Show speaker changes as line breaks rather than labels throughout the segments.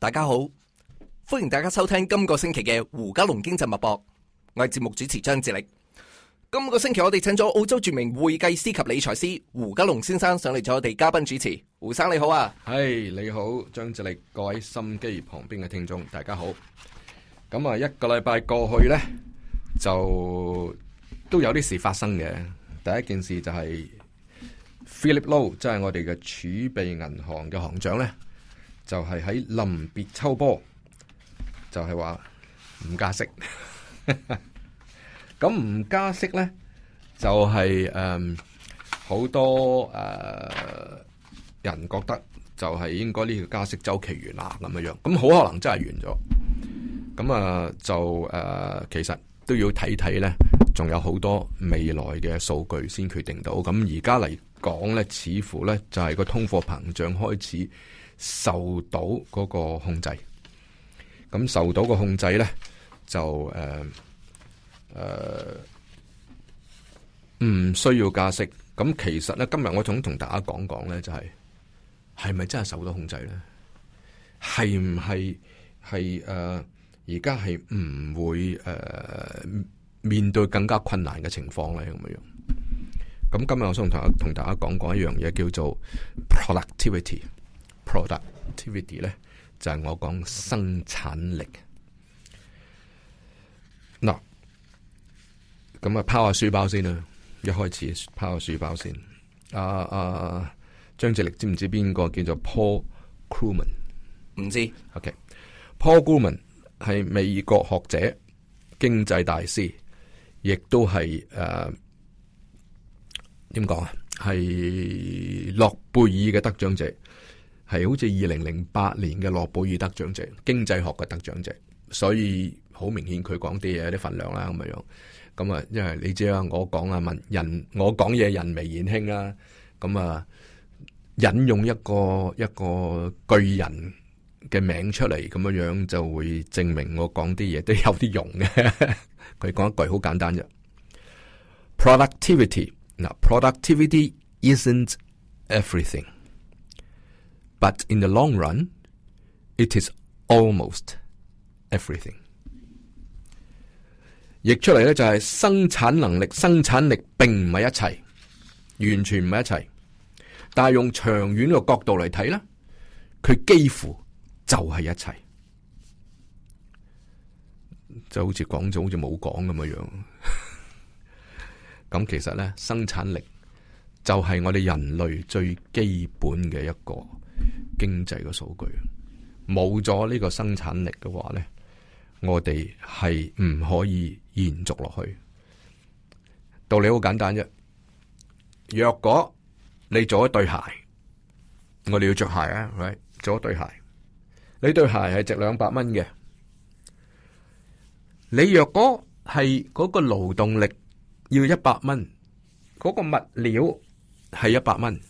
大家好，歡迎大家收聽今個星期嘅胡嘉龍經濟脈搏，我係節目主持張志力。今個星期我哋
請咗澳洲著
名會計師及理財師胡嘉龍先生上嚟做我哋嘉賓主持。
胡生你好啊，係、hey, 你好，張志力，各位心機旁邊嘅聽眾大家好。咁啊，一個禮拜過去呢，就都有啲事發生嘅。第一件事就係 Philip Lowe，即係我哋嘅儲備銀行嘅行長呢。就係喺臨別秋波，就係話唔加息。咁 唔加息咧，就係誒好多誒、呃、人覺得就係應該呢個加息周期完啦咁嘅樣。咁好可能真係完咗。咁啊就誒、呃，其實都要睇睇咧，仲有好多未來嘅數據先決定到。咁而家嚟講咧，似乎咧就係個通貨膨脹開始。受到嗰個控制，咁受到個控制咧，就誒誒唔需要加息。咁其實咧，今日我想同大家講講咧，就係係咪真係受到控制咧？係唔係係誒？而家係唔會誒、呃、面對更加困難嘅情況咧？咁樣樣咁今日我想同同大家講講一樣嘢，叫做 productivity。Productivity 咧就係、是、我講生產力。嗱，咁啊拋下書包先啦，一開始拋下書包先。啊，阿張智力知唔知邊個叫做 Paul Krugman？唔知。OK，Paul、okay. Krugman、um、係美國學者、經濟大師，亦都係誒點講啊？係諾貝爾嘅得獎者。係好似二零零八年嘅諾貝爾得獎者，經濟學嘅得獎者，所以好明顯佢講啲嘢有啲份量啦咁樣。咁啊，因為你知啊，我講啊文人，我講嘢人微言輕啦。咁啊，引用一個一個巨人嘅名出嚟，咁樣樣就會證明我講啲嘢都有啲用嘅。佢講一句好簡單啫，productivity，嗱 productivity isn't everything。But in the long run, it is almost everything. 譯出嚟咧就係生產能力、生產力，並唔係一切，完全唔係一切。但係用長遠嘅角度嚟睇咧，佢幾乎就係一切，就好似講咗，好似冇講咁樣。 樣。咁其實咧，生產力就係我哋人類最基本嘅一個。經濟嘅數據，冇咗呢個生產力嘅話咧，我哋係唔可以延續落去。道理好簡單啫。若果你做一對鞋，我哋要着鞋啊，right? 做一對鞋，你對鞋係值兩百蚊嘅。你若果係嗰個勞動力要一百蚊，嗰、嗰個物料係一百蚊。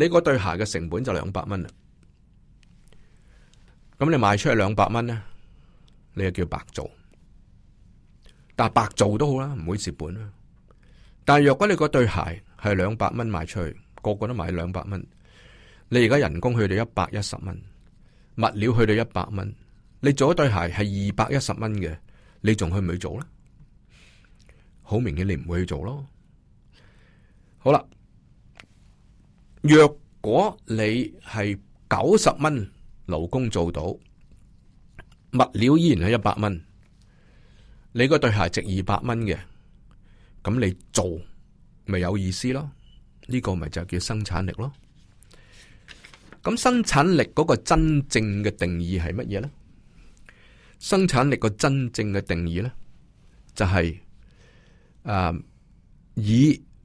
你嗰對鞋嘅成本就兩百蚊啦，咁你賣出去兩百蚊咧，你又叫白做。但係白做都好啦，唔會蝕本啦。但係若果你嗰對鞋係兩百蚊賣出去，個個都買兩百蚊，你而家人工去到一百一十蚊，物料去到一百蚊，你做一對鞋係二百一十蚊嘅，你仲去唔去做咧？好明顯你唔會去做咯。好啦。若果你係九十蚊勞工做到，物料依然係一百蚊，你個對鞋值二百蚊嘅，咁你做咪有意思咯？呢個咪就叫生產力咯。咁生產力嗰個真正嘅定義係乜嘢咧？生產力個真正嘅定義咧、就是，就係誒以。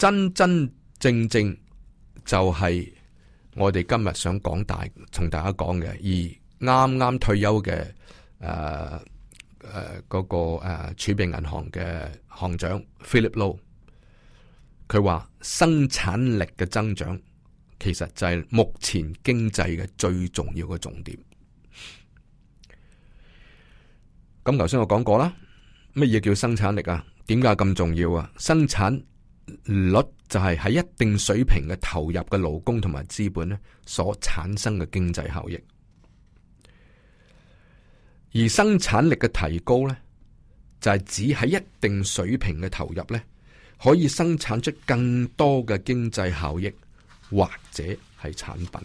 真真正正就係我哋今日想講大，同大家講嘅。而啱啱退休嘅誒誒嗰個誒儲備銀行嘅行長 Philip Lowe，佢話生產力嘅增長其實就係目前經濟嘅最重要嘅重點。咁頭先我講過啦，乜嘢叫生產力啊？點解咁重要啊？生產。率就係喺一定水平嘅投入嘅勞工同埋資本咧，所產生嘅經濟效益。而生產力嘅提高咧，就係指喺一定水平嘅投入咧，可以生產出更多嘅經濟效益，或者係產品。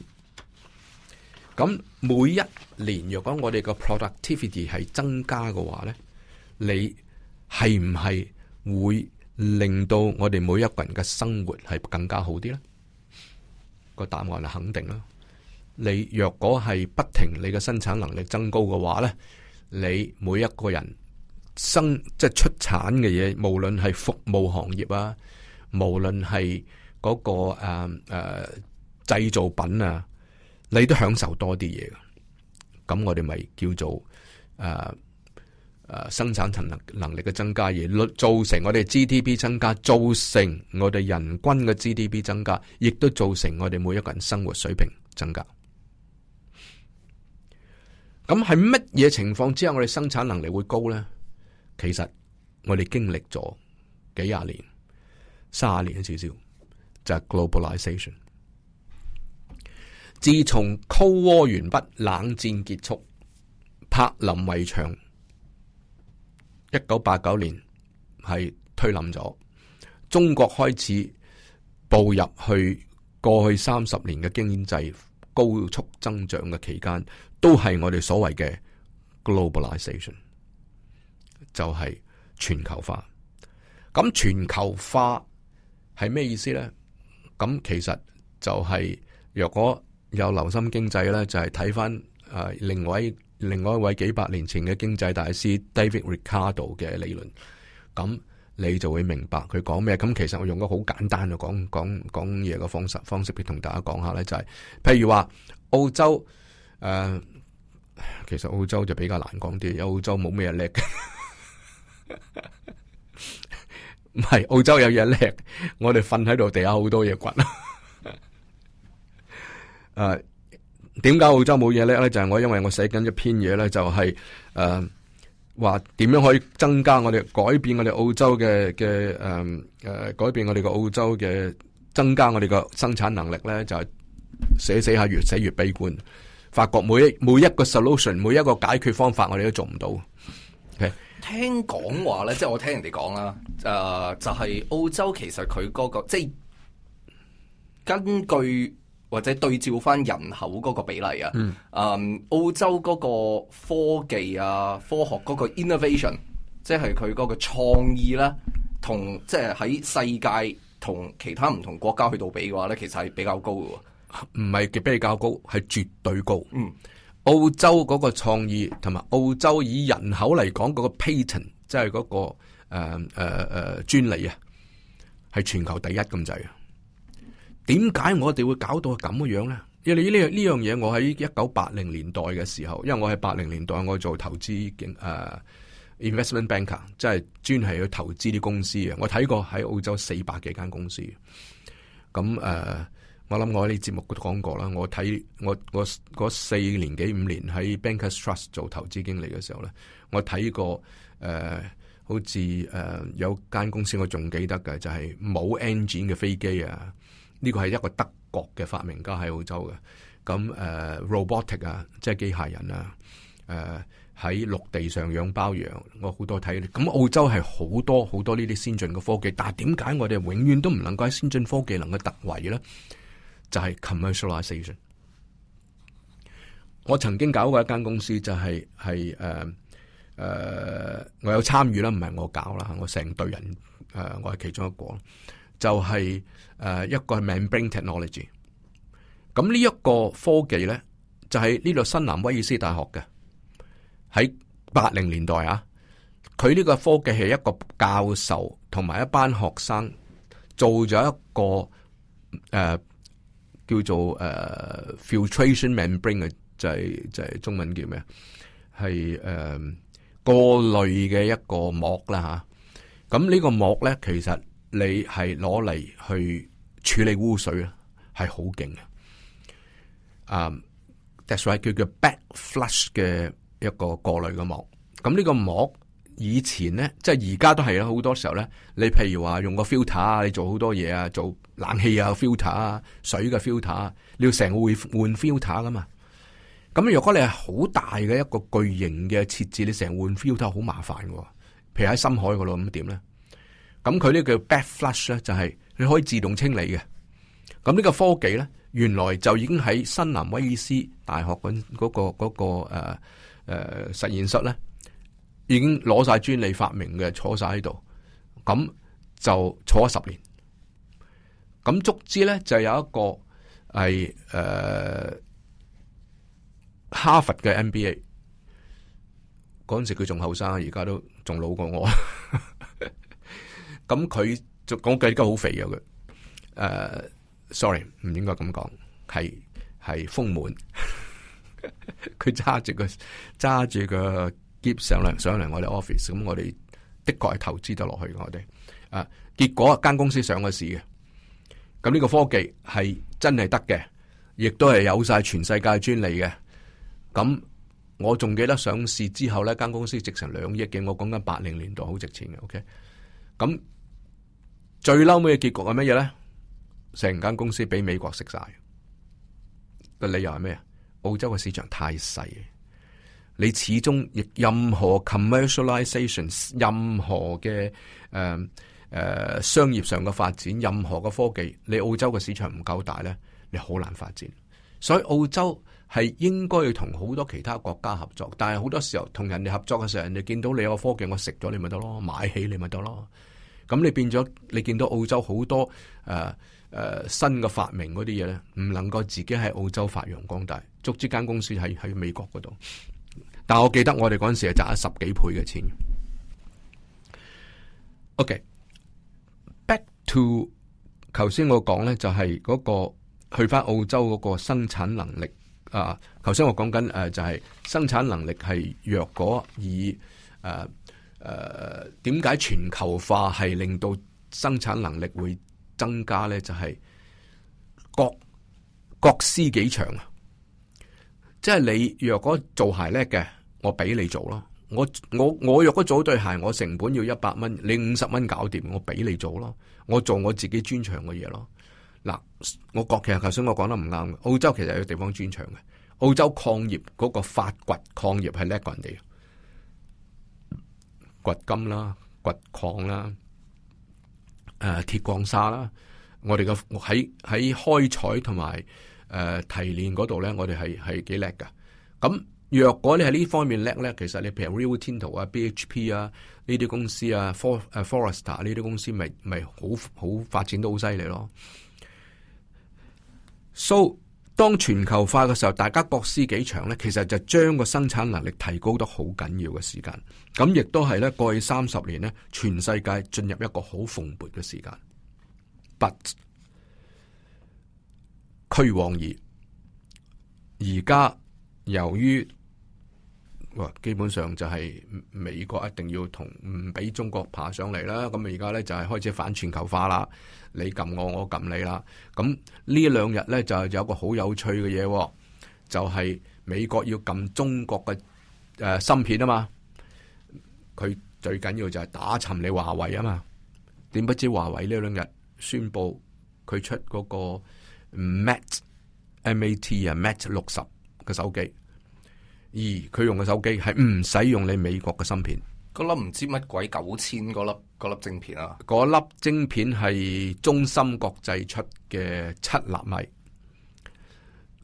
咁每一年若果我哋個 productivity 係增加嘅話咧，你係唔係會？令到我哋每一個人嘅生活係更加好啲咧，個答案係肯定啦。你若果係不停你嘅生產能力增高嘅話咧,你每一個人生即係出產嘅嘢，無論係服務行業啊，無論係嗰個誒誒製造品啊，你都享受多啲嘢嘅。咁我哋咪叫做誒。啊誒，生產層能能力嘅增加，而造成我哋 GDP 增加，造成我哋人均嘅 GDP 增加，亦都造成我哋每一個人生活水平增加。咁喺乜嘢情況之下，我哋生產能力會高呢？其實我哋經歷咗幾廿年、卅年，少少就係 globalization。自從 Cold War 完畢，冷戰結束，柏林圍牆。一九八九年係推冧咗，中國開始步入去過去三十年嘅經濟高速增長嘅期間，都係我哋所謂嘅 globalization，就係全球化。咁全球化係咩意思呢？咁其實就係、是、若果有留心經濟呢，就係睇翻誒另外另外一位幾百年前嘅經濟大師 David Ricardo 嘅理論，咁你就會明白佢講咩。咁其實我用個好簡單嘅講講講嘢嘅方式方式去同大家講下咧，就係、是、譬如話澳洲，誒、呃、其實澳洲就比較難講啲，有澳洲冇咩嘢叻嘅，唔係 澳洲有嘢叻，我哋瞓喺度地下好多嘢掘啊！誒、呃。點解澳洲冇嘢咧？咧就係我因為我寫緊一篇嘢咧，就係誒話點樣可以增加我哋改變我哋澳洲嘅嘅誒誒改變我哋個澳洲嘅增加我哋個生產能力咧，就係寫寫下越寫越悲觀。發覺每一每一個 solution 每一個解決方法，我哋都做唔到。Okay?
聽講話咧，即係我聽人哋講啦，誒就係澳洲其實佢嗰個即係根據。或者對照翻人口嗰個比例啊，誒、嗯 um，澳洲嗰個科技啊、科學嗰個 innovation，即係佢嗰個創意咧，同即係喺世界
同其他唔同國家去到比嘅話咧，其實係比較高嘅。唔係比較高，係絕對高。嗯，澳洲嗰個創意同埋澳洲以人口嚟講嗰個 patent，即係嗰、那個誒誒誒專利啊，係全球第一咁滯啊！點解我哋會搞到咁嘅樣咧？因為呢呢呢樣嘢，我喺一九八零年代嘅時候，因為我喺八零年代，我做投資經誒 Investment Banker，即係專係去投資啲公司嘅。我睇過喺澳洲四百幾間公司。咁誒、uh，我諗我喺呢節目講過啦。我睇我我嗰四年幾五年喺 Bankers Trust 做投資經理嘅時候咧，我睇過誒，uh, 好似誒、uh, 有間公司我仲記得嘅，就係冇 engine 嘅飛機啊。呢個係一個德國嘅發明家喺澳洲嘅，咁誒、uh，robotic 啊，即係機械人啊，誒，喺陸地上養包羊，我好多睇。咁澳洲係好多好多呢啲先進嘅科技，但係點解我哋永遠都唔能夠喺先進科技能夠突圍咧？就係、是、commercialization。我曾經搞過一間公司，就是，就係係誒誒，我有參與啦，唔係我搞啦，我成隊人，誒、uh，我係其中一個。就係誒一個 membrane technology，咁呢一個科技咧就係呢度新南威爾斯大學嘅，喺八零年代啊。佢呢個科技係一個教授同埋一班學生做咗一個誒、啊、叫做誒、啊、filtration membrane，就係、是、就係、是、中文叫咩啊？係誒過濾嘅一個膜啦嚇。咁、啊、呢個膜咧其實。你係攞嚟去處理污水啊，係好勁嘅。啊，that's right 叫做 back flush 嘅一個過濾嘅膜。咁呢個膜以前咧，即係而家都係啦。好多時候咧，你譬如話用個 filter 啊，你做好多嘢啊，做冷氣啊 filter 啊，水嘅 filter 你要成日會換 filter 噶嘛？咁如果你係好大嘅一個巨型嘅設置，你成日換 filter 好麻煩嘅。譬如喺深海嗰度，咁點咧？咁佢呢個叫 backflush 咧，就係你可以自動清理嘅。咁呢個科技咧，原來就已經喺新南威爾斯大學嗰、那個嗰、那個誒誒、那個呃呃、實驗室咧，已經攞晒專利發明嘅，坐晒喺度。咁就坐咗十年。咁足之咧就有一個係誒、呃、哈佛嘅 MBA。嗰陣時佢仲後生，而家都仲老過我。咁佢就講佢而家好肥呀，佢，誒、uh,，sorry，唔應該咁講，係係豐滿。佢揸住個揸住個喼上嚟上嚟我哋 office，咁我哋的確係投資得落去我哋，啊、uh,，結果間公司上咗市嘅，咁呢個科技係真係得嘅，亦都係有晒全世界專利嘅。咁我仲記得上市之後呢間公司值成兩億嘅，我講緊八零年代好值錢嘅，ok，咁。最嬲尾嘅結局係乜嘢咧？成間公司俾美國食晒，個理由係咩啊？澳洲嘅市場太細，你始終亦任何 commercialization，任何嘅誒誒商業上嘅發展，任何嘅科技，你澳洲嘅市場唔夠大咧，你好難發展。所以澳洲係應該要同好多其他國家合作，但係好多時候同人哋合作嘅時候，人哋見到你有個科技，我食咗你咪得咯，買起你咪得咯。咁你變咗，你見到澳洲好多誒誒、啊啊、新嘅發明嗰啲嘢咧，唔能夠自己喺澳洲發揚光大，捉呢間公司喺喺美國嗰度。但我記得我哋嗰陣時係賺咗十幾倍嘅錢。OK，back、okay, to 頭先我講咧就係、是、嗰、那個去返澳洲嗰個生產能力啊。頭先我講緊誒、啊、就係、是、生產能力係若果以誒。啊誒，點解、呃，全球化係令到生產能力會增加呢？就係、是、各各師幾長啊！即係你若果做鞋叻嘅，我俾你做咯。我我我若果做對鞋，我成本要一百蚊，你五十蚊搞掂，我俾你做咯。我做我自己專長嘅嘢咯。嗱，我國其實頭先我講得唔啱，澳洲其實有地方專長嘅，澳洲礦業嗰個發掘礦業係叻過人哋。掘金啦，掘礦啦，誒、呃，鐵礦砂啦，我哋嘅喺喺開採同埋誒提煉嗰度咧，我哋係係幾叻噶。咁、嗯、若果你喺呢方面叻咧，其實你譬如 Rio Tinto 啊、BHP 啊呢啲公司啊、For、啊、Forester 呢啲公司、就是，咪咪好好發展都好犀利咯。So 當全球化嘅時候，大家各施己長咧，其實就將個生產能力提高得好緊要嘅時間，咁亦都係咧過去三十年咧，全世界進入一個好蓬勃嘅時間。But 趨往而而家由於。基本上就係美國一定要同唔俾中國爬上嚟啦，咁而家咧就係、是、開始反全球化啦。你撳我，我撳你啦。咁呢兩日咧就就有一個好有趣嘅嘢，就係、是、美國要撳中國嘅誒、呃、芯片啊嘛。佢最緊要就係打沉你華為啊嘛。點不知華為呢兩日宣布佢出嗰個 Mate, M A T M A T 啊 Mate 六十嘅手機。而佢用嘅手機係唔使用你美國嘅芯片。
嗰粒唔知乜鬼九千嗰粒
粒晶片啊！嗰粒晶片係中芯國際出嘅七納米。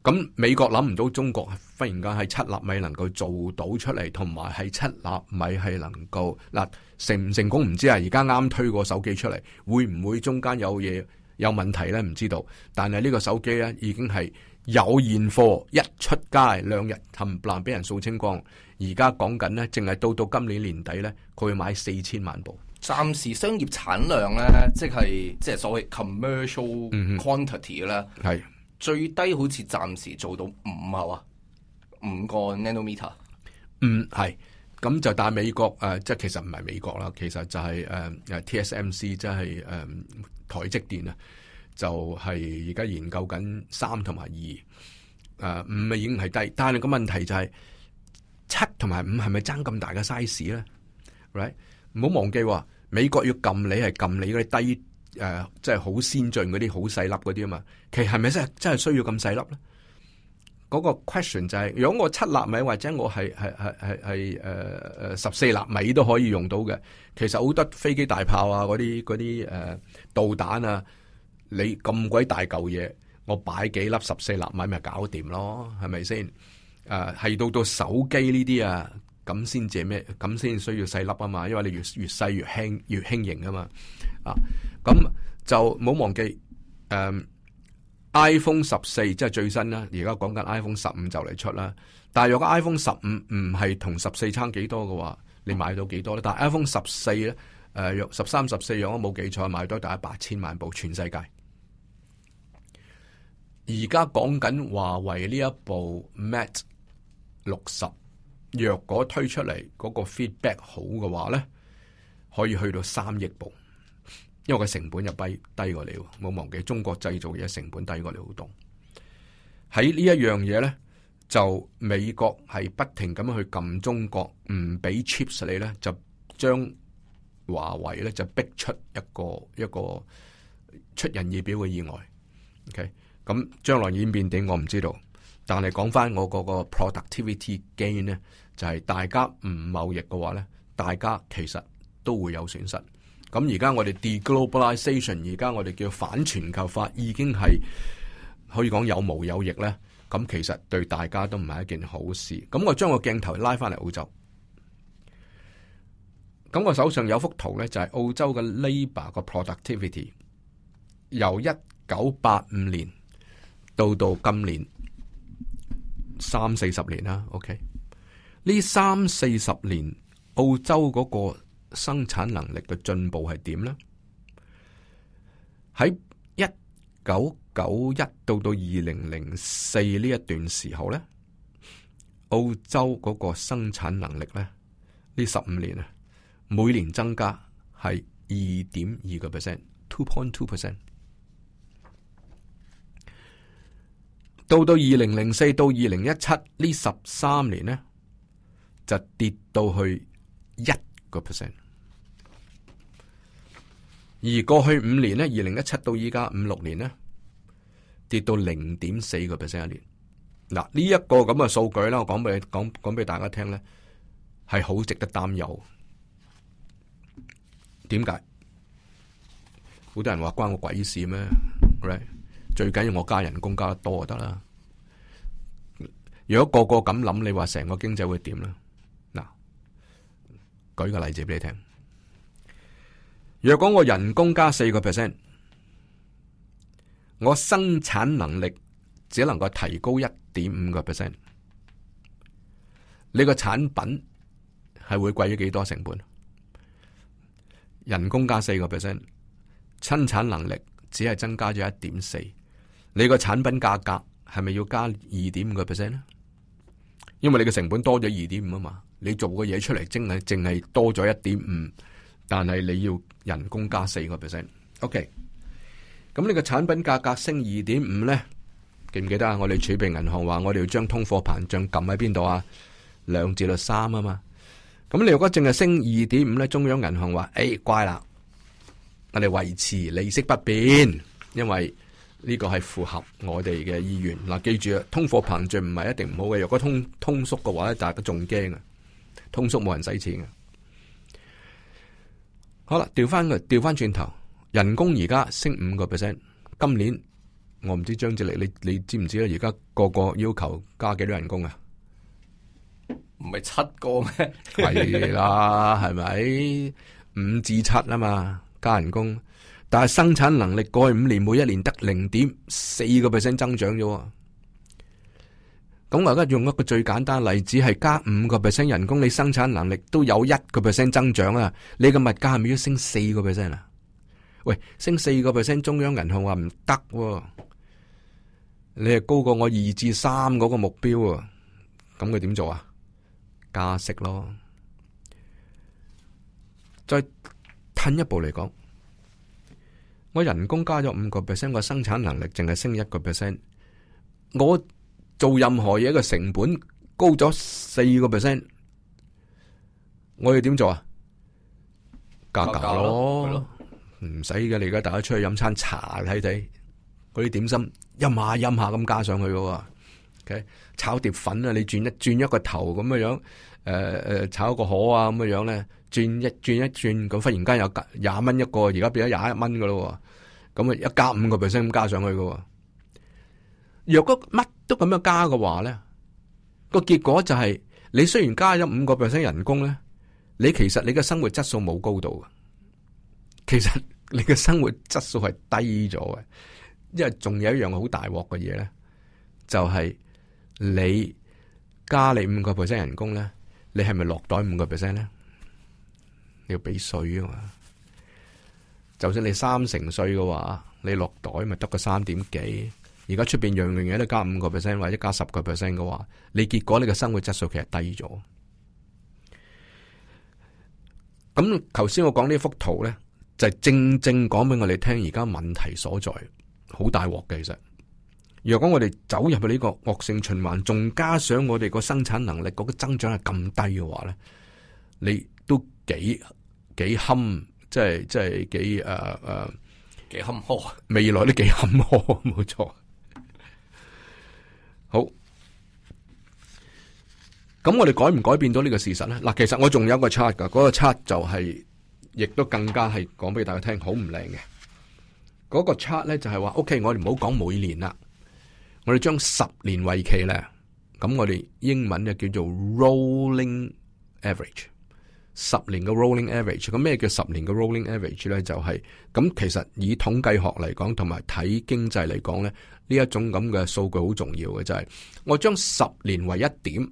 咁美國諗唔到中國忽然間喺七納米能夠做到出嚟，同埋係七納米係能夠嗱，成唔成功唔知啊！而家啱推個手機出嚟，會唔會中間有嘢有問題呢？唔知道。但係呢個手機呢，已經係。有現貨，一出街兩日，冚唪唥俾人掃清光，而家講緊咧，淨係到到今年年底咧，佢會買四千萬部。暫時商業產
量咧，即係即係所謂 commercial quantity 啦，係、mm hmm. 最低好似暫時做到五
毫啊，五個 nanometer。嗯、mm，係。咁就但係美國誒、呃，即係其實唔係美國啦，其實就係、是、誒誒、呃、TSMC 即、就、係、是、誒、呃、台積電啊。就係而家研究緊三同埋二，誒五咪已經係低，但係個問題就係七同埋五係咪爭咁大嘅 size 咧？right 唔好忘記，美國要撳你係撳你嗰啲低誒，即係好先進嗰啲好細粒嗰啲啊嘛。其實係咪真係真係需要咁細粒咧？嗰、那個 question 就係、是，如果我七納米或者我係係係係係誒誒十四納米都可以用到嘅，其實好多飛機大炮啊，嗰啲嗰啲誒導彈啊。你咁鬼大嚿嘢，我擺幾粒十四粒咪咪搞掂咯，係咪先？誒、啊，係到到手機呢啲啊，咁先借咩？咁先需要細粒啊嘛，因為你越越細越輕越輕盈啊嘛。啊，咁就冇忘記誒、啊，iPhone 十四即係最新啦。而家講緊 iPhone 十五就嚟出啦。但係如果 iPhone 十五唔係同十四差幾多嘅話，你買到幾多咧？但係 iPhone 十四、呃、咧，誒，十三十四樣都冇記錯，買咗大約八千萬部全世界。而家講緊華為呢一部 Mate 六十，若果推出嚟嗰個 feedback 好嘅話呢可以去到三億部，因為佢成本又低低過你，冇忘記中國製造嘢成本低過你好多。喺呢一樣嘢呢，就美國係不停咁去撳中國，唔俾 chips 你呢，就將華為呢就逼出一個一個出人意表嘅意外。OK。咁將來演變點我唔知道，但係講翻我個個 productivity gain 呢，就係、是、大家唔貿易嘅話呢，大家其實都會有損失。咁而家我哋 deglobalization，而家我哋叫反全球化，已經係可以講有毛有翼呢。咁其實對大家都唔係一件好事。咁我將個鏡頭拉翻嚟澳洲，咁我手上有幅圖呢，就係澳洲嘅 labour 個 productivity 由一九八五年。到到今年三四十年啦，OK，呢三四十年澳洲嗰個生產能力嘅進步係點咧？喺一九九一到到二零零四呢一段時候咧，澳洲嗰個生產能力咧，呢十五年啊，每年增加係二點二個 percent，two point two percent。2. 2到到二零零四到二零一七呢十三年呢，就跌到去一個 percent，而過去五年呢，二零一七到依家五六年呢，跌到零點四個 percent 一年。嗱，這個、這呢一個咁嘅數據咧，我講俾講講俾大家聽咧，係好值得擔憂。點解？好多人話關我鬼事咩？Right？最緊要我加人工加得多就得啦。如果個個咁諗，你話成個經濟會點咧？嗱，舉個例子俾你聽。若果我人工加四個 percent，我生產能力只能夠提高一點五個 percent，你個產品係會貴咗幾多成本？人工加四個 percent，生產能力只係增加咗一點四。你個產品價格係咪要加二點五個 percent 呢？因為你個成本多咗二點五啊嘛，你做個嘢出嚟，真係淨係多咗一點五，但係你要人工加四個 percent。OK，咁你個產品價格升二點五咧，記唔記得啊？我哋儲備銀行話，我哋要將通貨膨脹撳喺邊度啊？兩至三啊嘛，咁你如果淨係升二點五咧，中央銀行話，誒、欸，乖啦，我哋維持利息不變，因為。呢個係符合我哋嘅意願嗱、啊，記住啊，通貨膨脹唔係一定唔好嘅，若果通通縮嘅話咧，大家仲驚啊，通縮冇人使錢嘅。好啦，調翻個，調翻轉頭，人工而家升五個 percent，今年我唔知張智霖，你你知唔知咧？而家個個要求加幾多人工啊？
唔係七個咩？係 啦，
係咪？五至七啊嘛，加人工。但係生產能力，過去五年每一年得零點四個 percent 增長咗。咁我而家用一個最簡單例子係加五個 percent 人工，你生產能力都有一個 percent 增長啊，你嘅物價係咪要升四個 percent 啊？喂，升四個 percent，中央銀行話唔得，你係高過我二至三嗰個目標啊，咁佢點做啊？加息咯，再退一步嚟講。我人工加咗五個 percent，我生產能力淨係升一個 percent。我做任何嘢嘅成本高咗四個 percent，我要點做啊？價格咯，唔使嘅。你而家大家出去飲餐茶睇睇，嗰啲點心，飲下飲下咁加上去嘅。OK，炒碟粉啊，你轉一轉一個頭咁嘅樣，誒、呃、誒，炒個河啊咁嘅樣咧。轉一轉一轉，咁忽然間有廿蚊一個，而家變咗廿一蚊噶咯。咁啊，一加五個 percent 咁加上去噶。若果乜都咁樣加嘅話咧，個結果就係你雖然加咗五個 percent 人工咧，你其實你嘅生活質素冇高度嘅，其實你嘅生活質素係低咗嘅。因為仲有一樣好大鑊嘅嘢咧，就係、是、你加你五個 percent 人工咧，你係咪落袋五個 percent 咧？呢要俾稅啊嘛，就算你三成稅嘅話，你落袋咪得個三點幾？而家出邊樣樣嘢都加五個 percent，或者加十個 percent 嘅話，你結果你嘅生活質素其實低咗。咁頭先我講呢幅圖咧，就係正正講俾我哋聽，而家問題所在好大鑊嘅。其實，若果我哋走入去呢個惡性循環，仲加上我哋個生產能力嗰個增長係咁低嘅話咧，你都幾？幾堪，即係即係幾誒誒，幾坎坷，未來都幾坎坷，冇錯。好，咁我哋改唔改變到呢個事實咧？嗱，其實我仲有一個 chart 噶，嗰個 chart 就係，亦都更加係講俾大家聽，好唔靚嘅。嗰個 chart 咧就係話，OK，我哋唔好講每年啦，我哋將十年為期咧，咁我哋英文就叫做 rolling average。十年嘅 rolling average，咁咩叫十年嘅 rolling average 咧？就係、是、咁，其實以統計學嚟講，同埋睇經濟嚟講咧，呢一種咁嘅數據好重要嘅，就係、是、我將十年為一點，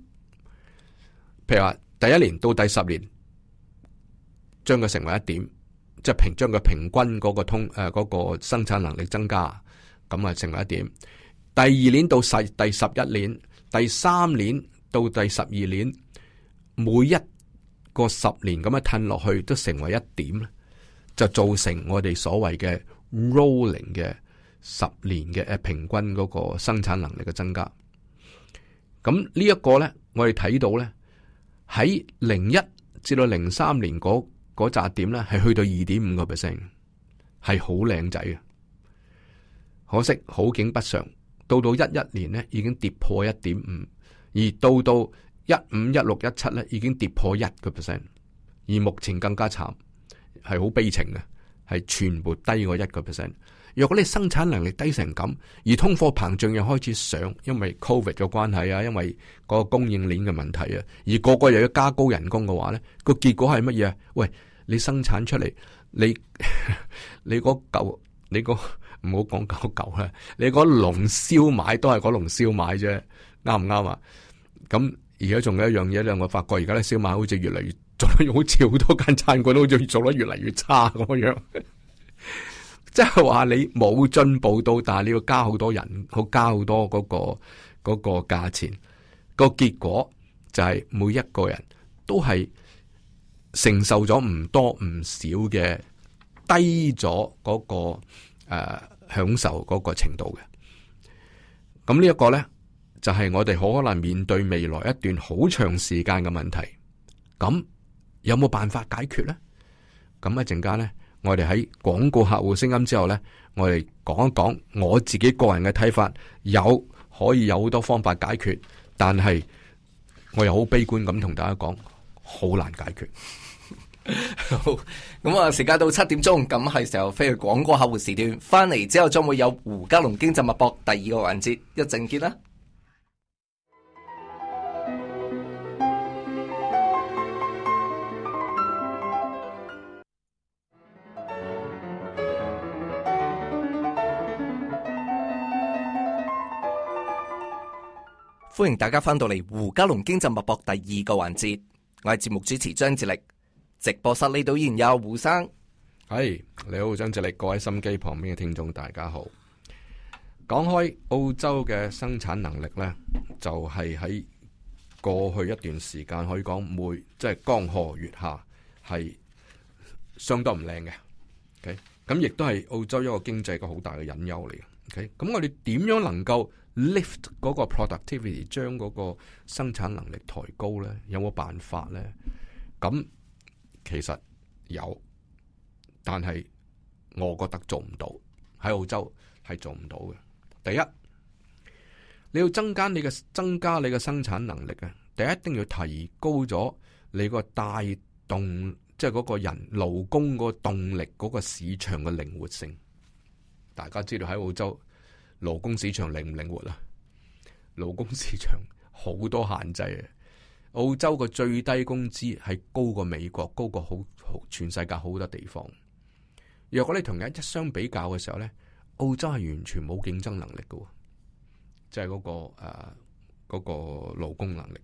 譬如話第一年到第十年，將佢成為一點，即係平將佢平均嗰個通誒嗰、那個生產能力增加，咁啊成為一點。第二年到十第十一年，第三年到第十二年，每一。個十年咁樣褪落去都成為一點咧，就造成我哋所謂嘅 rolling 嘅十年嘅誒平均嗰個生產能力嘅增加。咁呢一個咧，我哋睇到咧喺零一至到零三年嗰嗰扎點咧，係去到二點五個 percent，係好靚仔啊！可惜好景不常，到到一一年呢已經跌破一點五，而到到。一五一六一七咧，15, 16, 已經跌破一個 percent，而目前更加慘，係好悲情嘅，係全部低過一個 percent。若果你生產能力低成咁，而通貨膨脹又開始上，因為 covid 嘅關係啊，因為嗰個供應鏈嘅問題啊，而個個又要加高人工嘅話咧，個結果係乜嘢？喂，你生產出嚟，你 你嗰嚿，你、嗰個唔好講九嚿啦，你嗰龍燒賣都係嗰龍燒賣啫，啱唔啱啊？咁。而家仲有一樣嘢咧，我發覺而家咧，小賣好似越嚟越做得，好似好多間餐館都好似做得越嚟越差咁樣。即係話你冇進步到，但係你要加好多人，好加好多嗰個嗰個價錢，個結果就係每一個人都係承受咗唔多唔少嘅低咗嗰個、呃、享受嗰個程度嘅。咁呢一個咧，就係我哋好可能面對未來一段好長時間嘅問題，咁有冇辦法解決呢？咁一陣間呢，我哋喺廣告客戶聲音之後呢，我哋講一講我自己個人嘅睇法，有可以有好多方法解決，但係我又好悲觀咁同大家講，好難解決。 好，
咁啊，時間到七點鐘，咁係時候飛去廣告客戶時段，翻嚟之後將會有胡嘉龍經濟脈搏第二個環節，一陣見啦。歡迎大家翻到嚟胡嘉龍經濟脈搏第二個環節，我係節目主持張志力，直
播室呢度現有胡生，係、hey, 你好張志力，各位心機旁邊嘅聽眾大家好。講開澳洲嘅生產能力咧，就係、是、喺過去一段時間可以講每即係、就是、江河日下係相當唔靚嘅，咁亦都係澳洲一個經濟個好大嘅隱憂嚟嘅。咁、okay? 我哋點樣能夠？lift 嗰個 productivity，將嗰個生產能力抬高咧，有冇辦法咧？咁其實有，但係我覺得做唔到，喺澳洲係做唔到嘅。第一，你要增加你嘅增加你嘅生產能力啊，第一一定要提高咗你個帶動，即係嗰個人勞工個動力嗰個市場嘅靈活性。大家知道喺澳洲。勞工市場靈唔靈活啦？勞工市場好多限制啊！澳洲嘅最低工資係高過美國，高過好好全世界好多地方。若果你同人一相比較嘅時候咧，澳洲係完全冇競爭能力嘅，即係嗰個誒嗰個呃嗰個勞工能力。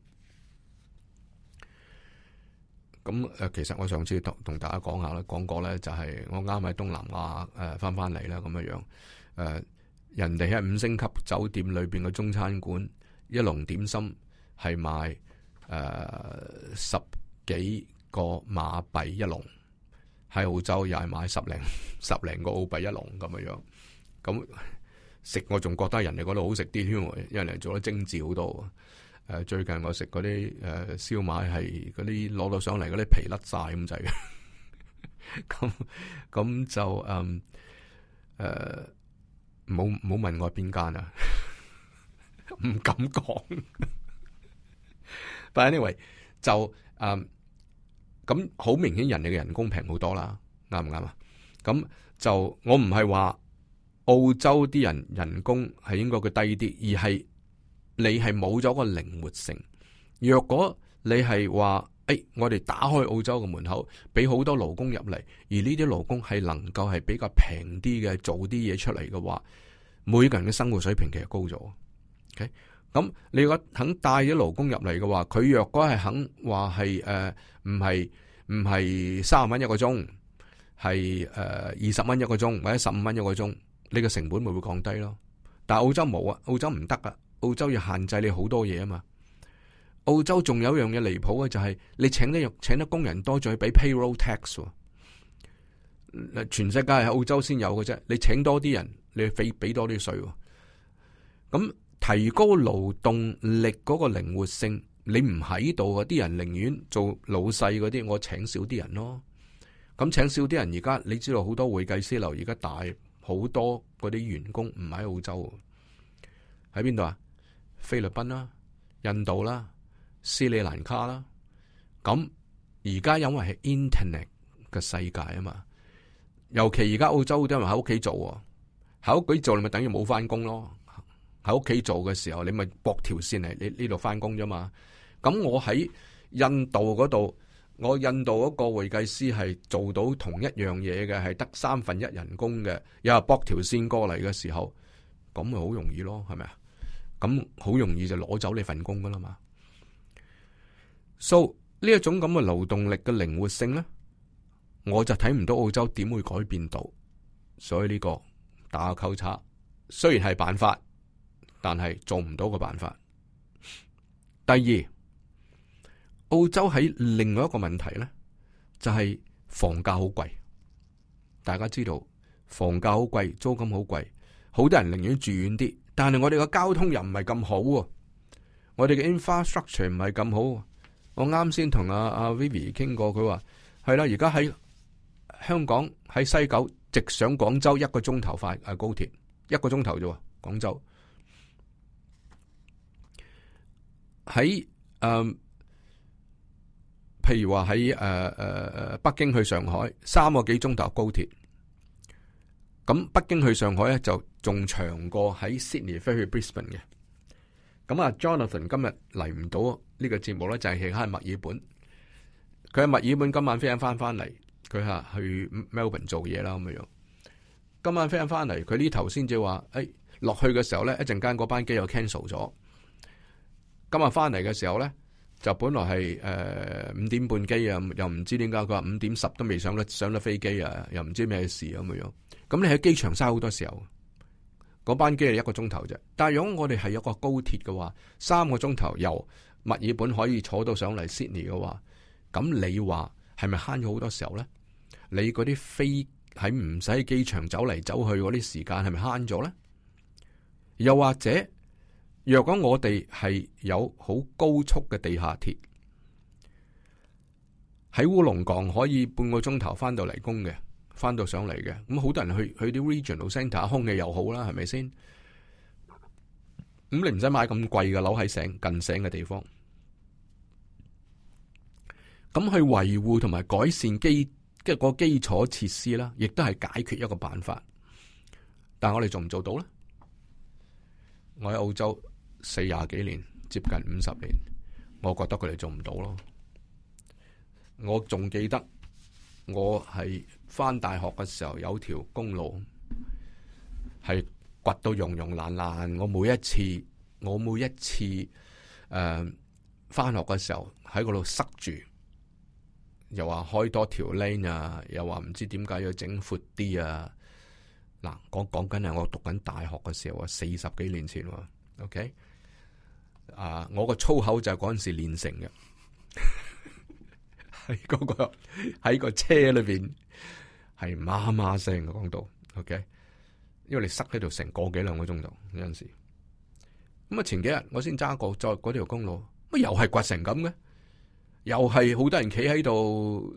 咁誒，其實我上次同同大家講下咧，講過咧就係我啱喺東南亞誒翻翻嚟啦，咁樣樣誒。呃人哋喺五星級酒店裏邊嘅中餐館，一籠點心係賣誒、呃、十幾個馬幣一籠，喺澳洲又係賣十零十零個澳幣一籠咁樣樣。咁食我仲覺得人哋嗰度好食啲添，因為人做得精緻好多。誒、呃，最近我食嗰啲誒燒賣係嗰啲攞到上嚟嗰啲皮甩晒咁滯嘅。咁咁就嗯誒。呃呃唔好問我邊間啊？唔敢講。But anyway 就誒，咁、嗯、好明顯人哋嘅人工平好多啦，啱唔啱啊？咁就我唔係話澳洲啲人人工係應該佢低啲，而係你係冇咗個靈活性。若果你係話，誒、哎，我哋打開澳洲嘅門口，俾好多勞工入嚟，而呢啲勞工係能夠係比較平啲嘅，做啲嘢出嚟嘅話，每個人嘅生活水平其實高咗。咁、okay? 你如果肯帶咗勞工入嚟嘅話，佢若果係肯話係誒，唔係唔係三十蚊一個鐘，係誒二十蚊一個鐘或者十五蚊一個鐘，你個成本咪會降低咯。但係澳洲冇啊，澳洲唔得啊，澳洲要限制你好多嘢啊嘛。澳洲仲有一樣嘢離譜嘅就係、是、你請得請得工人多咗，再俾 payroll tax，全世界係澳洲先有嘅啫。你請多啲人，你俾俾多啲稅。咁提高勞動力嗰個靈活性，你唔喺度嗰啲人寧願做老細嗰啲，我請少啲人咯。咁請少啲人現在，而家你知道好多會計師樓而家大好多嗰啲員工唔喺澳洲，喺邊度啊？菲律賓啦，印度啦。斯里蘭卡啦，咁而家因為係 internet 嘅世界啊嘛，尤其而家澳洲好多人喺屋企做喺屋企做，你咪等於冇翻工咯。喺屋企做嘅時候，你咪駁條線嚟，你呢度翻工啫嘛。咁我喺印度嗰度，我印度嗰個會計師係做到同一樣嘢嘅，係得三分一人工嘅，又係駁條線過嚟嘅時候，咁咪好容易咯，係咪啊？咁好容易就攞走你份工噶啦嘛。So 呢一種咁嘅勞動力嘅靈活性咧，我就睇唔到澳洲點會改變到，所以呢個打扣差雖然係辦法，但係做唔到嘅辦法。第二，澳洲喺另外一個問題咧，就係房價好貴。大家知道房價好貴，租金好貴，好多人寧願住遠啲，但係我哋嘅交通又唔係咁好，我哋嘅 infrastructure 唔係咁好。我啱先同阿阿 Vivy 傾過，佢話係啦，而家喺香港喺西九直上廣州一個鐘頭，快啊，高鐵一個鐘頭啫喎，廣州喺誒、呃、譬如話喺誒誒誒北京去上海三個幾鐘頭高鐵，咁北京去上海咧就仲長過喺 Sydney 飛去 Brisbane、mm、嘅，咁、hmm. 啊 Jonathan 今日嚟唔到。呢個節目咧就係佢喺墨爾本，佢喺墨爾本今晚飛緊翻翻嚟，佢嚇去 Melbourne 做嘢啦咁嘅樣。今晚飛緊翻嚟，佢呢頭先就話，誒、哎、落去嘅時候咧，一陣間嗰班機又 cancel 咗。今日翻嚟嘅時候咧，就本來係誒五點半機啊，又唔知點解佢話五點十都未上得上得飛機啊，又唔知咩事咁嘅樣。咁你喺機場嘥好多時候，嗰班機係一個鐘頭啫。但係如果我哋係有個高鐵嘅話，三個鐘頭又……墨爾本可以坐到上嚟 Sydney 嘅話，咁你話係咪慳咗好多時候咧？你嗰啲飛喺唔使機場走嚟走去嗰啲時間係咪慳咗咧？又或者若果我哋係有好高速嘅地下鐵，喺烏龍崗可以半個鐘頭翻到嚟工嘅，翻到上嚟嘅，咁好多人去去啲 Regional Centre 空氣又好啦，係咪先？咁你唔使買咁貴嘅樓喺醒近醒嘅地方，咁去維護同埋改善基即係、個基礎設施啦，亦都係解決一個辦法。但係我哋做唔做到咧？我喺澳洲四廿幾年，接近五十年，我覺得佢哋做唔到咯。我仲記得我係翻大學嘅時候有條公路係。掘到融融爛爛，我每一次，我每一次，誒、呃，翻學嘅時候喺嗰度塞住，又話開多條 lane 啊，又話唔知點解要整闊啲啊，嗱，講講緊係我讀緊大學嘅時候啊，四十幾年前，ok，啊、呃，我個粗口就係嗰陣時練成嘅，喺 嗰、那個喺個車裏邊係媽媽聲嘅講到，ok。因為你塞喺度成個幾兩個鐘頭有陣時，咁啊前幾日我先揸過再嗰條公路，乜又係掘成咁嘅？又係好多人企喺度，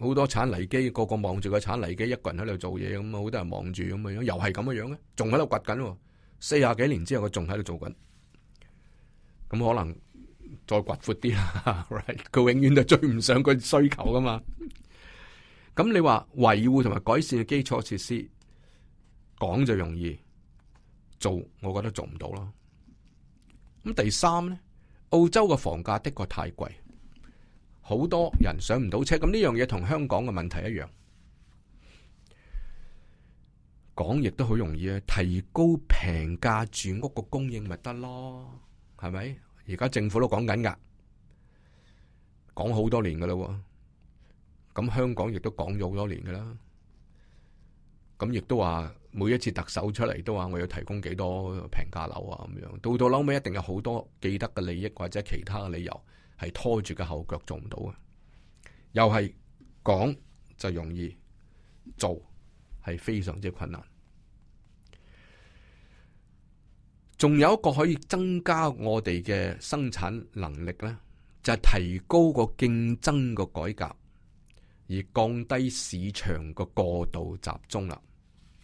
好多鏟泥機，個個望住個鏟泥機，一個人喺度做嘢咁啊，好多人望住咁嘅樣，又係咁嘅樣嘅。仲喺度掘緊，四十幾年之後佢仲喺度做緊，咁可能再掘闊啲啦。佢、right? 永遠就追唔上佢需求噶嘛。咁你話維護同埋改善嘅基礎設施？講就容易做，我覺得做唔到咯。咁第三咧，澳洲嘅房價的確太貴，好多人上唔到車。咁呢樣嘢同香港嘅問題一樣，講亦都好容易啊！提高平價住屋個供應咪得咯？係咪？而家政府都講緊噶，講好多年噶啦。咁香港亦都講咗好多年噶啦，咁亦都話。每一次特首出嚟都話我要提供幾多平價樓啊咁樣，到到樓尾一定有好多既得嘅利益或者其他嘅理由係拖住個後腳做唔到嘅，又係講就容易做係非常之困難。仲有一個可以增加我哋嘅生產能力咧，就係、是、提高個競爭個改革，而降低市場個過度集中啦。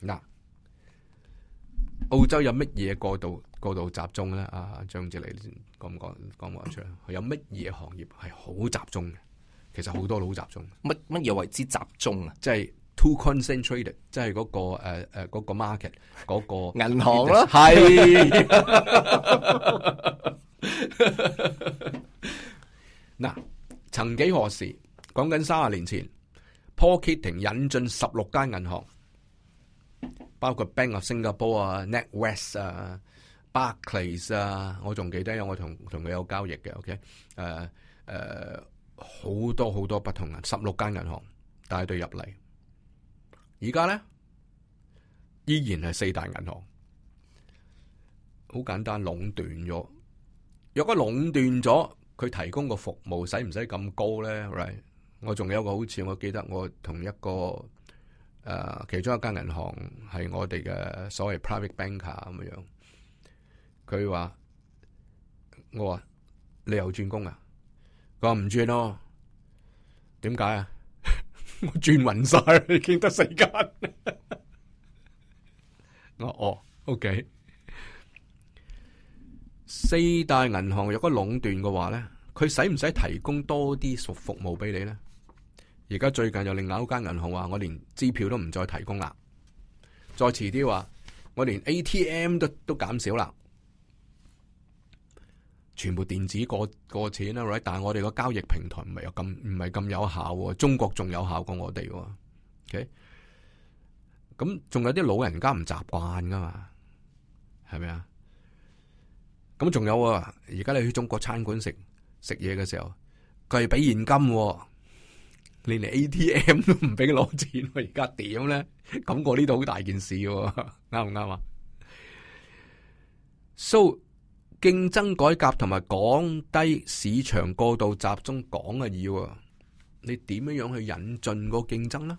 嗱。澳洲有乜嘢過度過度集中咧？啊，張哲禮講唔講講唔出？有乜嘢行業係好集中嘅？其實好多老集中的。乜乜嘢為之集中啊？即係 too concentrated，即係嗰、那個誒誒、呃那個 market 嗰、那個銀行咯，係。嗱，曾幾何時，講緊三十年前，Paul Keating 引進十六間銀行。包括 Bank of Singapore 啊、NatWest 啊、Barclays 啊，我仲記得有我同同佢有交易嘅，OK？誒誒，好多好多不同銀，十六間銀行帶隊入嚟，而家咧依然係四大銀行，好簡單壟斷咗。若果壟斷咗，佢提供個服務使唔使咁高咧？Right？我仲有個好似我記得我同一個。誒，uh, 其中一間銀行係我哋嘅所謂 private banker 咁樣，佢話我話你又轉工啊？佢話唔轉咯，點解啊？ 我轉暈晒，你見得四
間 。
哦、oh，哦，OK，四大銀行若果壟斷嘅話咧，佢使唔使提供多啲服務俾你咧？而家最近又另外一間銀行話，我連支票都唔再提供啦。再遲啲話，我連 ATM 都都減少啦。全部電子個個錢啦，right? 但係我哋個交易平台唔係咁唔係咁有效。中國仲有效過我哋。OK? 咁仲有啲老人家唔習慣噶嘛？係咪啊？咁仲有啊？而家你去中國餐館食食嘢嘅時候，佢係俾現金。啊你連 ATM 都唔俾佢攞錢，而家點咧？感覺呢度好大件事，啱唔啱啊？s, 對 o、so, 競爭改革同埋降低市場過度集中講嘅嘢，你點樣樣去引進個競爭呢？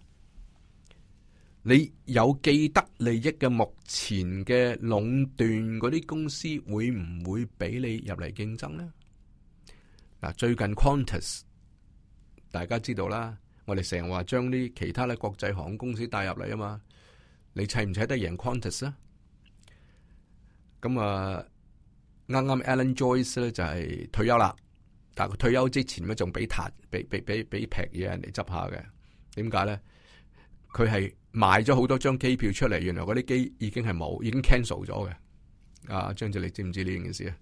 你有既得利益嘅目前嘅壟斷嗰啲公司，會唔會俾你入嚟競爭呢？嗱，最近 Qantas。大家知道啦，我哋成日話將啲其他咧國際航空公司帶入嚟啊嘛，你砌唔砌得贏 Qantas 啊？咁啊，啱啱 Alan Joyce 咧就係退休啦，但係佢退休之前咧仲俾彈，俾俾俾俾劈嘢人哋執下嘅。點解咧？佢係賣咗好多張機票出嚟，原來嗰啲機已經係冇，已經 cancel 咗嘅。啊，張智你知唔知呢件事啊？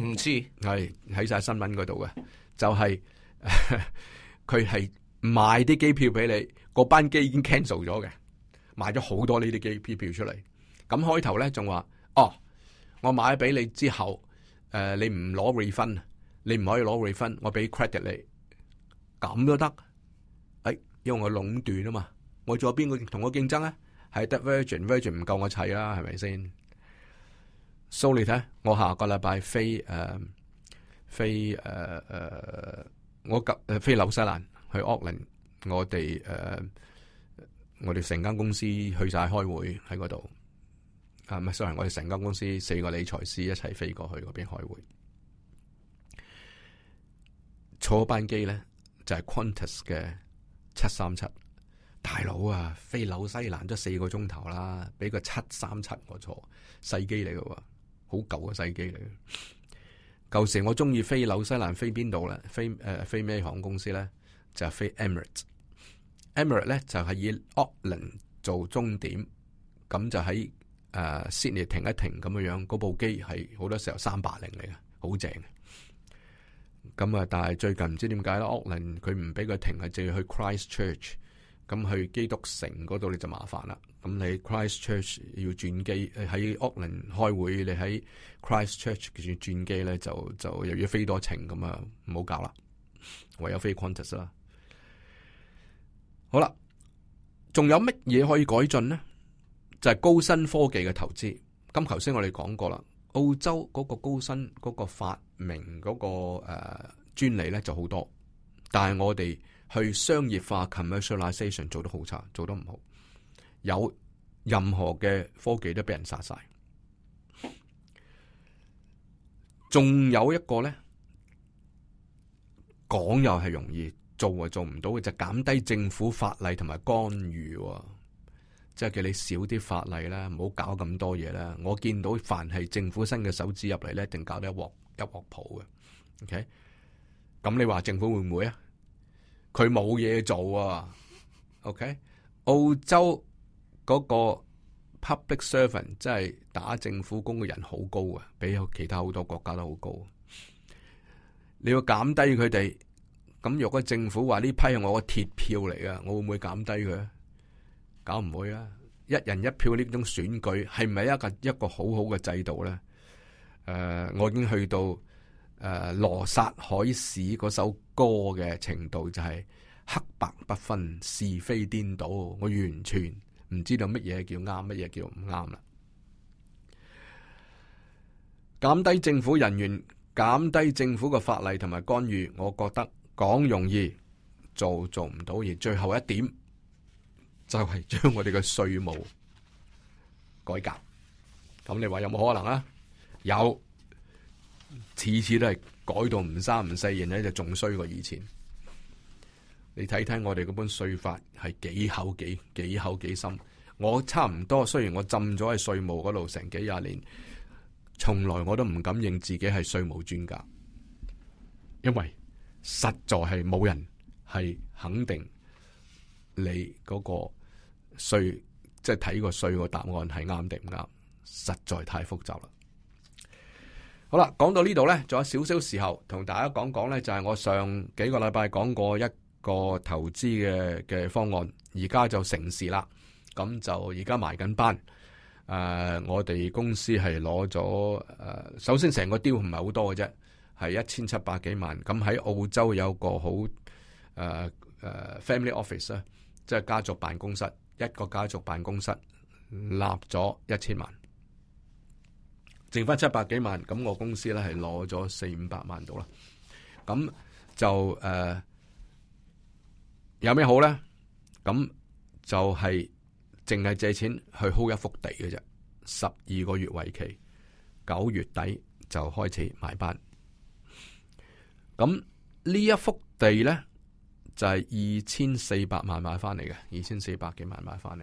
唔知像，係睇晒新聞嗰度嘅，就係、是。佢係 賣啲機票俾你，個班機已經 cancel 咗嘅，賣咗好多呢啲機票出嚟。咁開頭咧仲話，哦，我買俾你之後，誒、呃，你唔攞 r e f u n d 你唔可以攞 r e f u n d 我俾 credit 你，咁都得。誒、哎，因為我壟斷啊嘛，我仲有邊個同我競爭啊？係 d e v i r g i n v i r g i n 唔夠我砌啦，係咪先？s 所以睇，我下個禮拜飛誒，飛誒誒。我急誒，飛紐西蘭去奧克蘭，我哋誒，我哋成間公司去晒開會喺嗰度。啊，唔係，sorry，我哋成間公司四個理財師一齊飛過去嗰邊開會。坐班機咧就係、是、Qantas 嘅七三七，大佬啊，飛紐西蘭都四個鐘頭啦，俾個七三七我坐，細機嚟嘅喎，好舊嘅細機嚟嘅。舊時我中意飛紐西蘭，飛邊度咧？飛誒、呃，飛咩航空公司咧？就係飛 Emirates。Emirates 咧就係、是、以 Auckland 做終點，咁就喺誒 Sydney 停一停咁樣樣。嗰部機係好多時候三八零嚟嘅，好正嘅。咁啊，但係最近唔知點解啦，Auckland 佢唔俾佢停，係就要去 Christchurch，咁去基督城嗰度你就麻煩啦。咁你 Christchurch 要轉機喺 Auckland 開會，你喺 Christchurch 轉轉機咧，就就又要飛多程咁啊！唔好搞啦，唯有飛 Qantas 啦。好啦，仲有乜嘢可以改進呢？就係高新科技嘅投資。咁頭先我哋講過啦，澳洲嗰個高新嗰個發明嗰個誒專利咧就好多，但係我哋去商業化 commercialization 做得好差，做得唔好。有任何嘅科技都俾人殺晒，仲有一個咧講又係容易做啊，做唔到嘅就減低政府法例同埋干預喎，即係叫你少啲法例啦，唔好搞咁多嘢啦。我見到凡係政府新嘅手指入嚟咧，一定搞得一鑊一鑊泡嘅。OK，咁你話政府會唔會啊？佢冇嘢做啊，OK，澳洲。嗰個 public servant 真係打政府工嘅人，好高啊，比其他好多國家都好高。你要減低佢哋，咁若果政府話呢批係我嘅鐵票嚟嘅，我會唔會減低佢？搞唔會啊！一人一票呢種選舉係唔係一個一個好好嘅制度咧？誒、呃，我已經去到誒、呃、羅剎海市嗰首歌嘅程度，就係黑白不分、是非顛倒，我完全，唔知道乜嘢叫啱，乜嘢叫唔啱啦。減低政府人員，減低政府嘅法例同埋干預，我覺得講容易做做唔到。而最後一點就係將我哋嘅稅務改革，咁你話有冇可能啊？有，次次都係改到唔三唔四，然呢就仲衰過以前。你睇睇，我哋嗰本稅法係幾厚，幾幾厚，幾深？我差唔多，雖然我浸咗喺稅務嗰度成幾廿年，從來我都唔敢認自己係稅務專家，因為實在係冇人係肯定你嗰個稅，即係睇個稅個答案係啱定唔啱，實在太複雜啦。好啦，講到呢度呢，仲有少少時候同大家講講呢，就係我上幾個禮拜講過一。個投資嘅嘅方案，而家就成事啦。咁就而家埋緊班。誒、呃，我哋公司係攞咗誒，首先成個 deal 唔係好多嘅啫，係一千七百幾萬。咁喺澳洲有個好誒誒 family office 咧，即係家族辦公室，一個家族辦公室立咗一千萬，剩翻七百幾萬。咁我公司咧係攞咗四五百萬度啦。咁就誒。呃有咩好呢？咁就係淨係借錢去 hold 一幅地嘅啫，十二個月為期，九月底就開始賣班。咁呢一幅地呢，就係二千四百萬買翻嚟嘅，二千四百幾萬買翻嚟。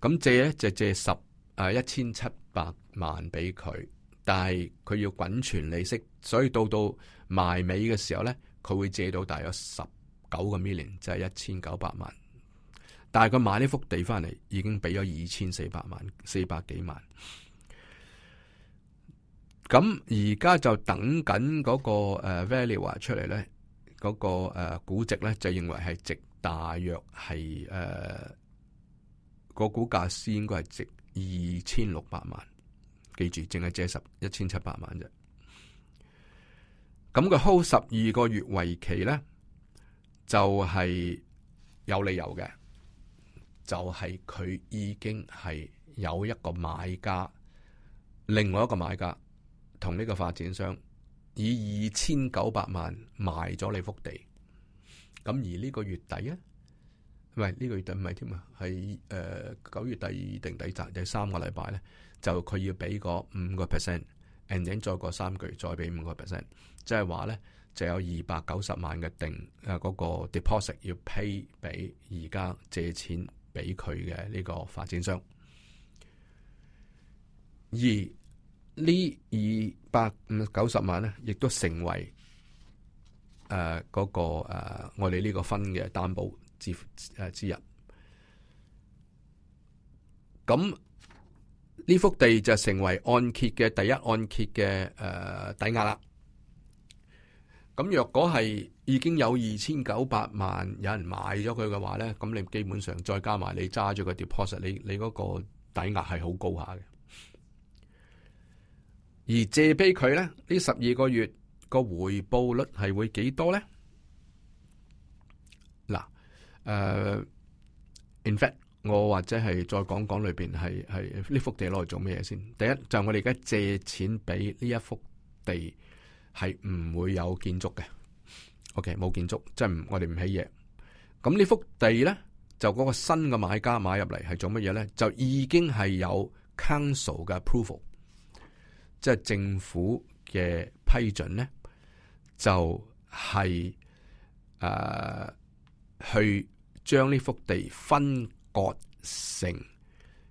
咁借呢就借十誒一千七百萬俾佢，但係佢要滾存利息，所以到到埋尾嘅時候呢，佢會借到大約十。九個 million 就係一千九百萬，但係佢買呢幅地翻嚟已經俾咗二千四百萬四百幾萬，咁而家就等緊嗰個誒 value 出嚟咧，嗰、嗰個誒估值咧就認為係值大約係誒、呃嗰個股價先應該係值二千六百萬，記住淨係借十一千七百萬啫，咁佢 hold 十二個月為期咧。就係有理由嘅，就係、是、佢已經係有一個買家，另外一個買家同呢個發展商以二千九百萬賣咗你幅地，咁而呢個月底咧，喂，呢、這個月底唔係添啊，係誒九月底定底債第三個禮拜咧，就佢要俾個五個 percent，ending 再過三個月再俾五個 percent，即係話咧。就是就有二百九十萬嘅定，誒，嗰個 deposit 要批俾而家借錢俾佢嘅呢個發展商，而呢二百五九十萬呢，亦都成為誒嗰、啊那個誒、啊、我哋呢個分嘅擔保之誒之一。咁呢幅地就成為按揭嘅第一按揭嘅誒、啊、抵押啦。咁若果係已經有二千九百萬有人買咗佢嘅話咧，咁你基本上再加埋你揸住個 deposit，你你嗰個抵押係好高下嘅。而借俾佢咧，呢十二個月個回報率係會幾多咧？嗱、啊，誒，in fact，我或者係再講講裏邊係係呢幅地攞嚟做咩嘢先？第一就係、是、我哋而家借錢俾呢一幅地。係唔會有建築嘅？OK，冇建築，即係我哋唔起嘢。咁呢幅地咧，就嗰個新嘅買家買入嚟係做乜嘢咧？就已經係有 Council 嘅 Approval，即係政府嘅批准咧，就係、是、誒、啊、去將呢幅地分割成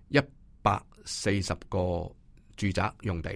一百四十個住宅用地。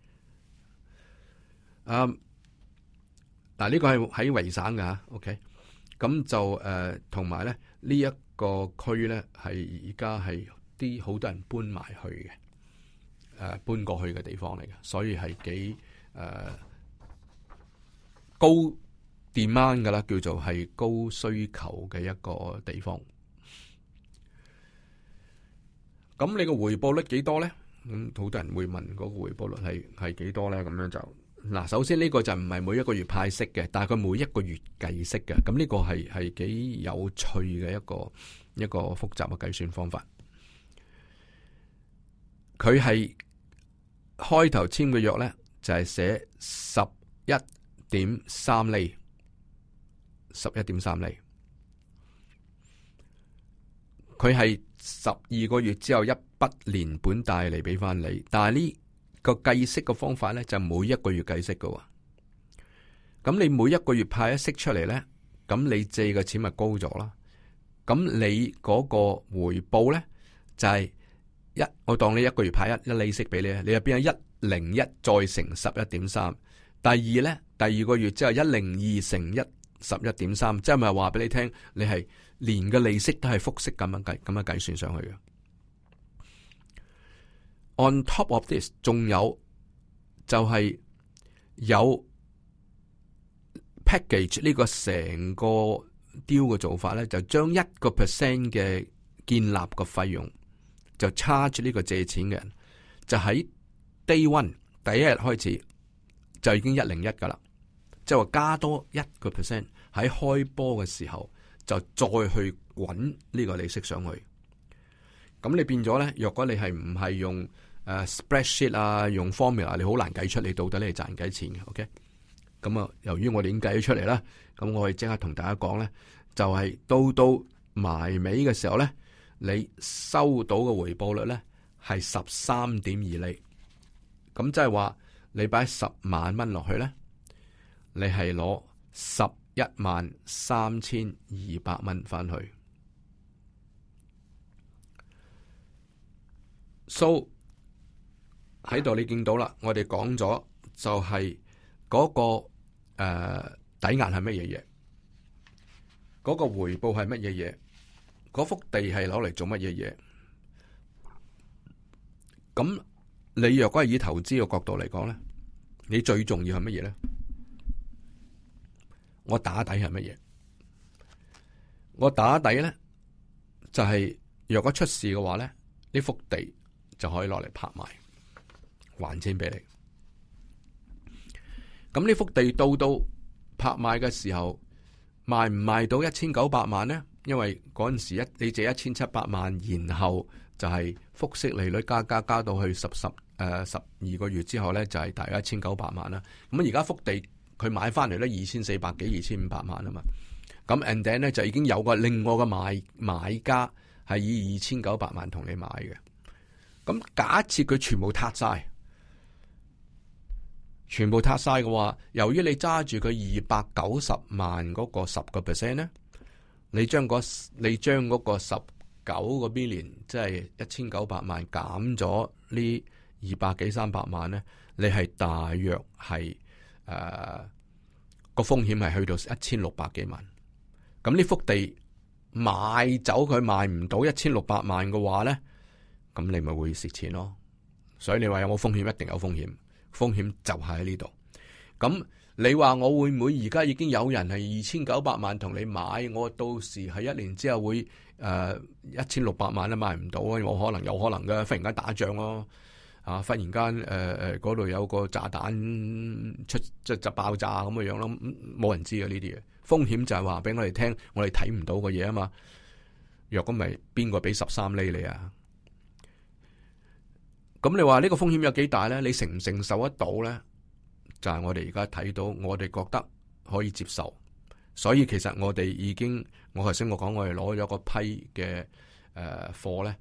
啊！嗱、嗯，這個是的 OK? 呃、呢、這個係喺維省嘅嚇，OK。咁就誒，同埋咧，呢一個區咧，係而家係啲好多人搬埋去嘅，誒、呃、搬過去嘅地方嚟嘅，所以係幾誒高 demand 嘅啦，叫做係高需求嘅一個地方。咁你個回個回報率幾多咧？咁好多人會問嗰個回報率係係幾多咧？咁樣就。嗱，首先呢個就唔係每一個月派息嘅，但係佢每一個月計息嘅。咁呢個係係幾有趣嘅一個一個複雜嘅計算方法。佢係開頭簽嘅約呢，就係寫十一點三厘，十一點三厘。佢係十二個月之後一筆連本帶利俾翻你，但係呢？個計息嘅方法咧就是、每一個月計息噶，咁你每一個月派一息出嚟咧，咁你借嘅錢咪高咗啦，咁你嗰個回報咧就係、是、一，我當你一個月派一一利息俾你，你又變咗一零一再乘十一點三，第二咧第二個月之後一零二乘一十一點三，即係咪話俾你聽，你係連個利息都係複息咁樣計咁樣計算上去嘅。on top of this，仲有就係有 package 呢個成個 deal 嘅做法咧，就將一個 percent 嘅建立嘅費用就 charge 呢個借錢嘅人，就喺 day one 第一日開始就已經一零一噶啦，即係話加多一個 percent 喺開波嘅時候就再去滾呢個利息上去。咁你變咗咧，若果你係唔係用、呃、spreadsheet 啊，用 formula，你好難計出你到底你係賺幾錢嘅？OK，咁、嗯、啊，由於我點計出嚟啦，咁、嗯、我哋即刻同大家講咧，就係、是、到到埋尾嘅時候咧，你收到嘅回報率咧係十三點二厘。咁、嗯、即係話你擺十萬蚊落去咧，你係攞十一萬三千二百蚊翻去。So 喺度，你見到啦。我哋講咗就係嗰、嗰個、呃、抵押係乜嘢嘢，嗰、嗰個回報係乜嘢嘢，嗰幅地係攞嚟做乜嘢嘢。咁你若果係以投資嘅角度嚟講咧，你最重要係乜嘢咧？我打底係乜嘢？我打底咧就係、係、若果出事嘅話咧，呢幅地。就可以落嚟拍賣，還清俾你。咁呢幅地到到拍賣嘅時候，賣唔賣到一千九百萬呢？因為嗰陣時一你借一千七百萬，然後就係複息利率加加加，加到去十十誒十二個月之後呢就係、是、大約一千九百萬啦。咁而家幅地佢買翻嚟呢，二千四百幾二千五百萬啊嘛。咁 ending 呢就已經有個另外嘅買買家係以二千九百萬同你買嘅。咁假設佢全部撻晒，全部撻晒嘅話，由於你揸住佢二百九十萬嗰個十個 percent 咧，你將嗰你將嗰個十九個 million 即係一千九百萬減咗呢二百幾三百萬咧，你係大約係誒個風險係去到一千六百幾萬。咁呢幅地買走賣走佢賣唔到一千六百萬嘅話咧？咁你咪會蝕錢咯，所以你話有冇風險，一定有風險，風險就喺呢度。咁你話我會唔會而家已經有人係二千九百萬同你買，我到時係一年之後會誒一千六百萬都買唔到啊？我可能有可能嘅，忽然間打仗咯，啊忽然間誒誒嗰度有個炸彈出即係爆炸咁嘅樣咯，冇人知啊呢啲嘢，風險就係話俾我哋聽，我哋睇唔到嘅嘢啊嘛。若果咪邊個俾十三厘你啊？咁你話呢個風險有幾大咧？你承唔承受得到咧？就係、是、我哋而家睇到，我哋覺得可以接受。所以其實我哋已經，我頭先我講，我哋攞咗個批嘅誒貨咧，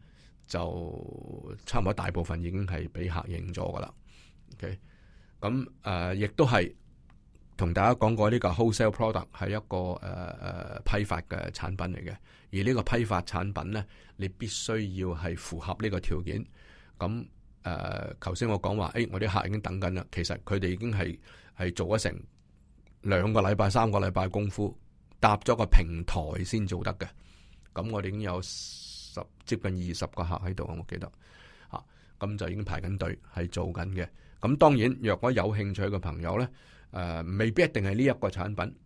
就差唔多大部分已經係俾客認咗噶啦。OK，咁誒，亦都係同大家講過，呢個 wholesale product 係一個誒、呃、誒、呃、批發嘅產品嚟嘅。而呢個批發產品咧，你必須要係符合呢個條件。咁誒，頭先、呃、我講話，誒、哎，我啲客已經等緊啦。其實佢哋已經係係做咗成兩個禮拜、三個禮拜功夫，搭咗個平台先做得嘅。咁我哋已經有十接近二十個客喺度啊，我記得吓，咁、啊嗯、就已經排緊隊，係做緊嘅。咁當然，若果有興趣嘅朋友咧，誒、呃，未必一定係呢一個產品，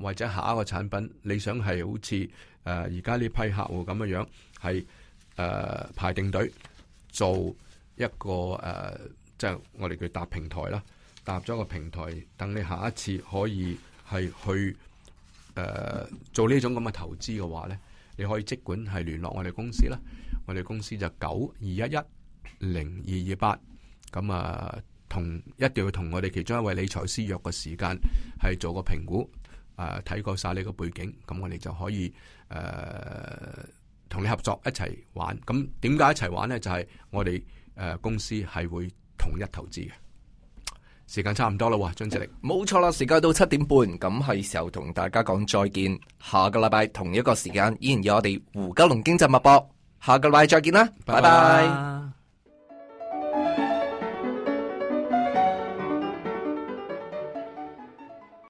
或者下一個產品，你想係好似誒而家呢批客戶咁樣樣，係誒、呃、排定隊做。一個誒，即、呃、係、就是、我哋叫搭平台啦，搭咗個平台，等你下一次可以係去誒、呃、做呢種咁嘅投資嘅話咧，你可以即管係聯絡我哋公司啦。我哋公司就九二一一零二二八咁啊，同一定要同我哋其中一位理財師約個時間，係做個評估誒，睇、呃、過晒你個背景，咁我哋就可以誒同、呃、你合作一齊玩。咁點解一齊玩咧？就係、是、我哋。誒，公司係會統一投資嘅，時間差唔多啦，哇！張志力，冇錯啦，時間到七
點半，咁係時候同大家講再見，下個禮拜同一個時間，依然有我哋胡嘉龍經濟脈搏，下個禮拜再見啦，拜拜。拜拜。